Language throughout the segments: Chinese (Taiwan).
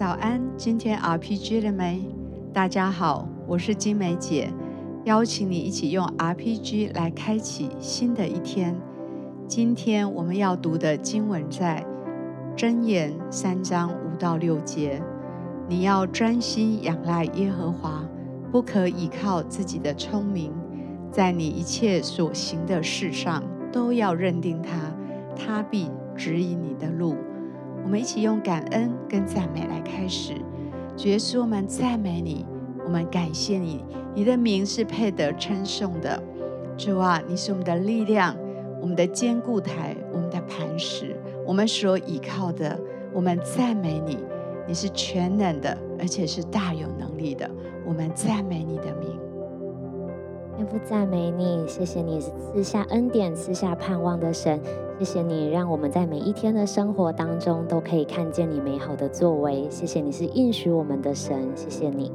早安，今天 RPG 了沒？大家好，我是晶玫姊，邀請你一起用 RPG 來開啟新的一天。今天我們要讀的經文在《箴言》三章五到六節。你要專心仰賴耶和華，不可倚靠自己的聰明，在你一切所行的事上都要認定他，他必指引你的路。我們一起用感恩跟讚美來開始。主耶穌，我們讚美你，我們感謝你，你的名是配得稱頌的。主啊，你是我們的力量，我們的堅固台，我們的磐石，我們所依靠的。我們讚美你，你是全能的，而且是大有能力的。我們讚美你的名。天父讚美你，謝謝你賜下恩典、賜下盼望的神，謝謝你讓我們在每一天的生活當中都可以看見你美好的作為，謝謝你是應許我們的神，謝謝你，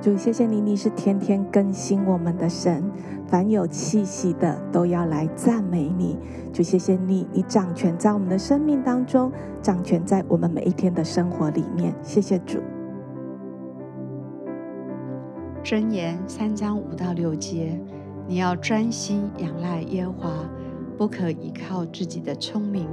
主，謝謝你，你是天天更新我們的神，凡有氣息的都要來讚美你，主，謝謝你，你掌權在我們的生命當中，掌權在我們每一天的生活裡面，謝謝主。箴言三章五到六節，你要專心仰賴耶和華，不可依靠自己的聰明。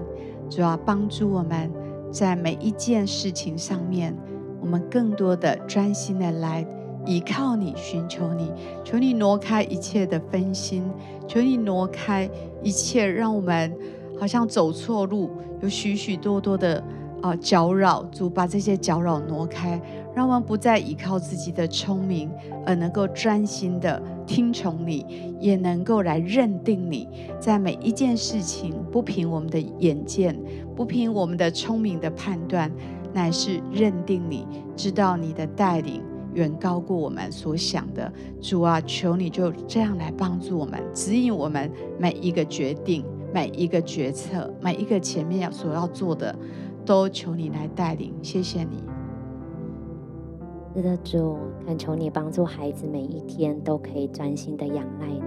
主要幫助我們在每一件事情上面，我們更多的專心的來依靠你，尋求你。求你挪開一切的分心，求你挪開一切，讓我們好像走錯路，有許許多多的啊、呃、攪擾。主，把這些攪擾挪開。讓我們不再依靠自己的聰明，而能夠專心的聽從你，也能夠來認定你。在每一件事情，不憑我們的眼見，不憑我們的聰明的判斷，乃是認定你，知道你的帶領遠高過我們所想的。主啊，求你就這樣來幫助我們，指引我們每一個決定、每一個決策、每一個前面要所要做的，都求你來帶領。謝謝你。是的，主，懇求你幫助孩子，每一天都可以專心的仰賴你，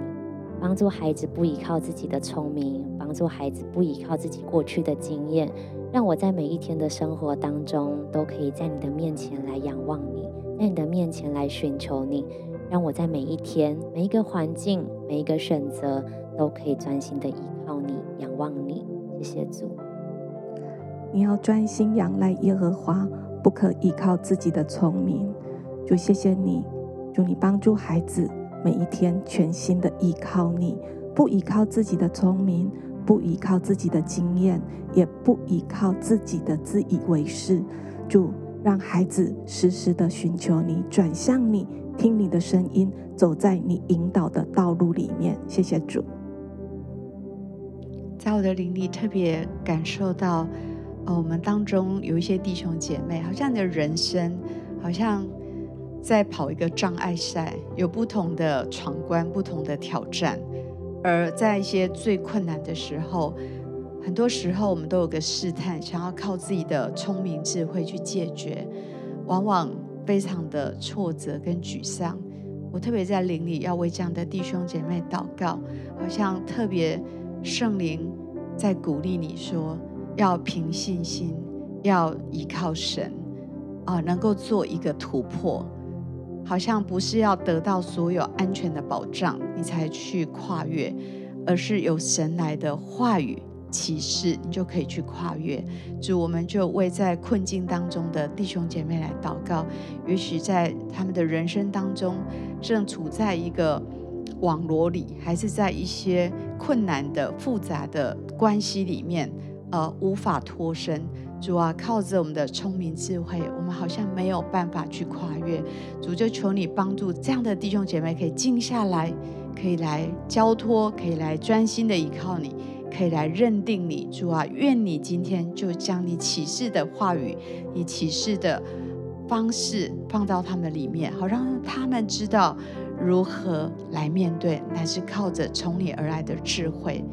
幫助孩子不依靠自己的聰明，幫助孩子不依靠自己過去的經驗，讓我在每一天的生活當中，都可以在你的面前來仰望你，在你的面前來尋求你，讓我在每一天、每一個環境、每一個選擇，都可以專心的依靠你、仰望你。謝謝主。你要專心仰賴耶和華，不可依靠自己的聰明。主謝謝你，主，你幫助孩子每一天全心的依靠你，不依靠自己的聰明，不依靠自己的經驗，也不依靠自己的自以為是。主讓孩子時時的尋求你，轉向你，聽你的聲音，走在你引導的道路裡面。謝謝主。在我的靈裡特別感受到。哦，oh, 我們當中有一些弟兄姐妹，好像你的人生好像在跑一個障礙賽，有不同的闖關、不同的挑戰。而在一些最困難的時候，很多時候我們都有個試探，想要靠自己的聰明智慧去解決，往往非常的挫折跟沮喪。我特別在靈裡要為這樣的弟兄姐妹禱告，好像特別聖靈在鼓勵你說，要憑信心，要依靠神，啊，能夠做一個突破，好像不是要得到所有安全的保障，你才去跨越，而是有神來的話語啟示，你就可以去跨越。主，我們就為在困境當中的弟兄姐妹來禱告，也許在他們的人生當中，正處在一個網羅裡，還是在一些困難的、複雜的關係裡面。呃，無法脫身，主啊，靠着我們的聰明智慧，我們好像沒有辦法去跨越。主就求你幫助這樣的弟兄姐妹，可以靜下來，可以來交托，可以來專心的依靠你，可以來認定你。主啊，願你今天就將你啟示的話語，你啟示的方式，放到他們的裡面，好讓他們知道如何來面對，乃是靠着從你而來的智慧。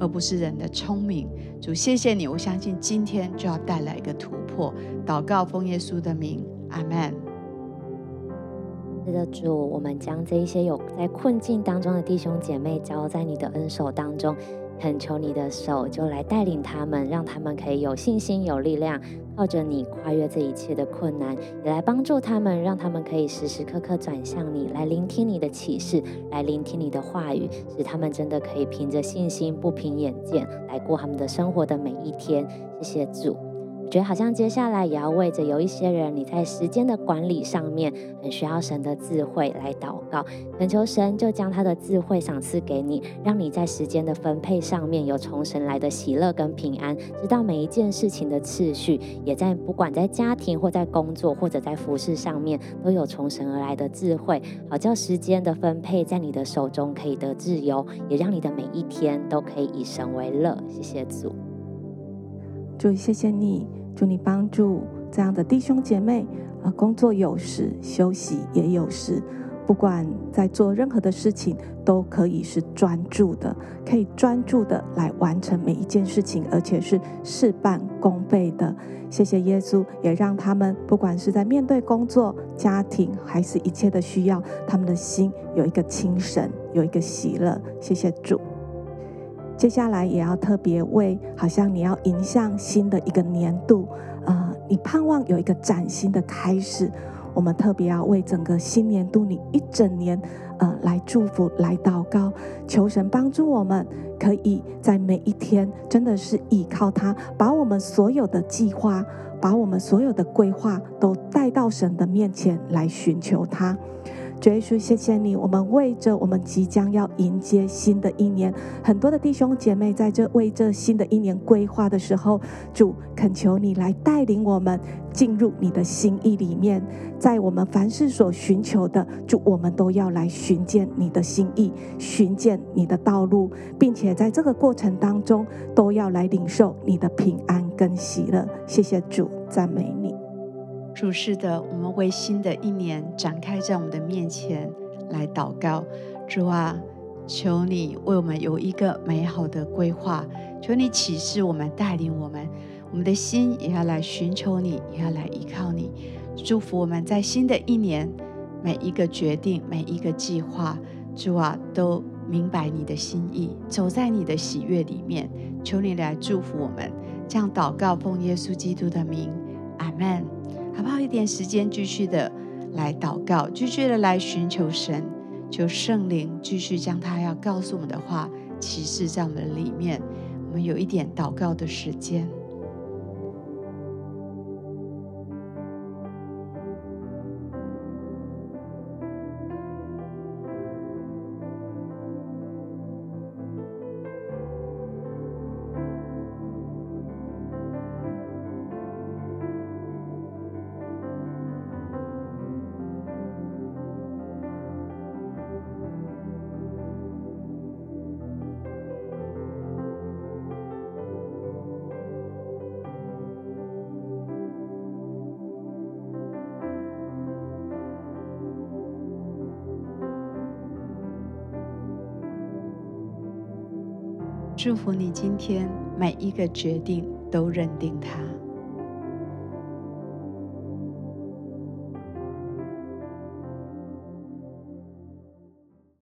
而不是人的聰明，主，謝謝你，我相信今天就要帶來一個突破。禱告奉耶穌的名，阿門。親愛的主，我們將這一些有在困境當中的弟兄姐妹交在你的恩手當中。懇求你的手，就來帶領他們，讓他們可以有信心、有力量，靠着你跨越這一切的困難；也來幫助他們，讓他們可以時時刻刻轉向你，來聆聽你的啟示，來聆聽你的話語，使他們真的可以憑着信心，不憑眼見，來過他們的生活的每一天。謝謝主。覺得好像接下來也要為着有一些人，你在時間的管理上面很需要神的智慧來禱告，懇求神就將他的智慧賞賜給你，讓你在時間的分配上面有從神來的喜樂跟平安，知道每一件事情的次序，也在不管在家庭或在工作或者在服事上面都有從神而來的智慧，好叫時間的分配在你的手中可以得自由，也讓你的每一天都可以以神為樂。謝謝主，主謝謝你。祝你幫助這樣的弟兄姐妹，呃，工作有時，休息也有時，不管在做任何的事情，都可以是專注的，可以專注的來完成每一件事情，而且是事半功倍的。謝謝耶穌，也讓他們不管是在面對工作、家庭，還是一切的需要，他們的心有一個精神，有一個喜樂。謝謝主。接下來也要特別為，好像你要迎向新的一個年度，呃，你盼望有一個嶄新的開始。我們特別要為整個新年度你一整年，呃，來祝福、來禱告，求神幫助我們，可以在每一天，真的是倚靠他，把我們所有的計劃、把我們所有的規劃都帶到神的面前來尋求他。主耶穌，謝謝你！我們為着我們即將要迎接新的一年，很多的弟兄姐妹在這為著新的一年規劃的時候，主懇求你來帶領我們進入你的心意裡面。在我們凡事所尋求的，主我們都要來尋見你的心意，尋見你的道路，並且在這個過程當中，都要來領受你的平安跟喜樂。謝謝主，讚美你。主是的，我們為新的一年展開在我們的面前來禱告。主啊，求你為我們有一個美好的規劃，求你啟示我們，帶領我們，我們的心也要來尋求你，也要來依靠你。祝福我們在新的一年每一個決定、每一個計劃，主啊，都明白你的心意，走在你的喜悅裡面。求你來祝福我們。這樣禱告，奉耶穌基督的名，阿們。哪怕一點時間，繼續的來禱告，繼續的來尋求神，求聖靈繼續將他要告訴我們的話，啟示在我們裡面。我們有一點禱告的時間。祝福你，今天每一個決定都認定他。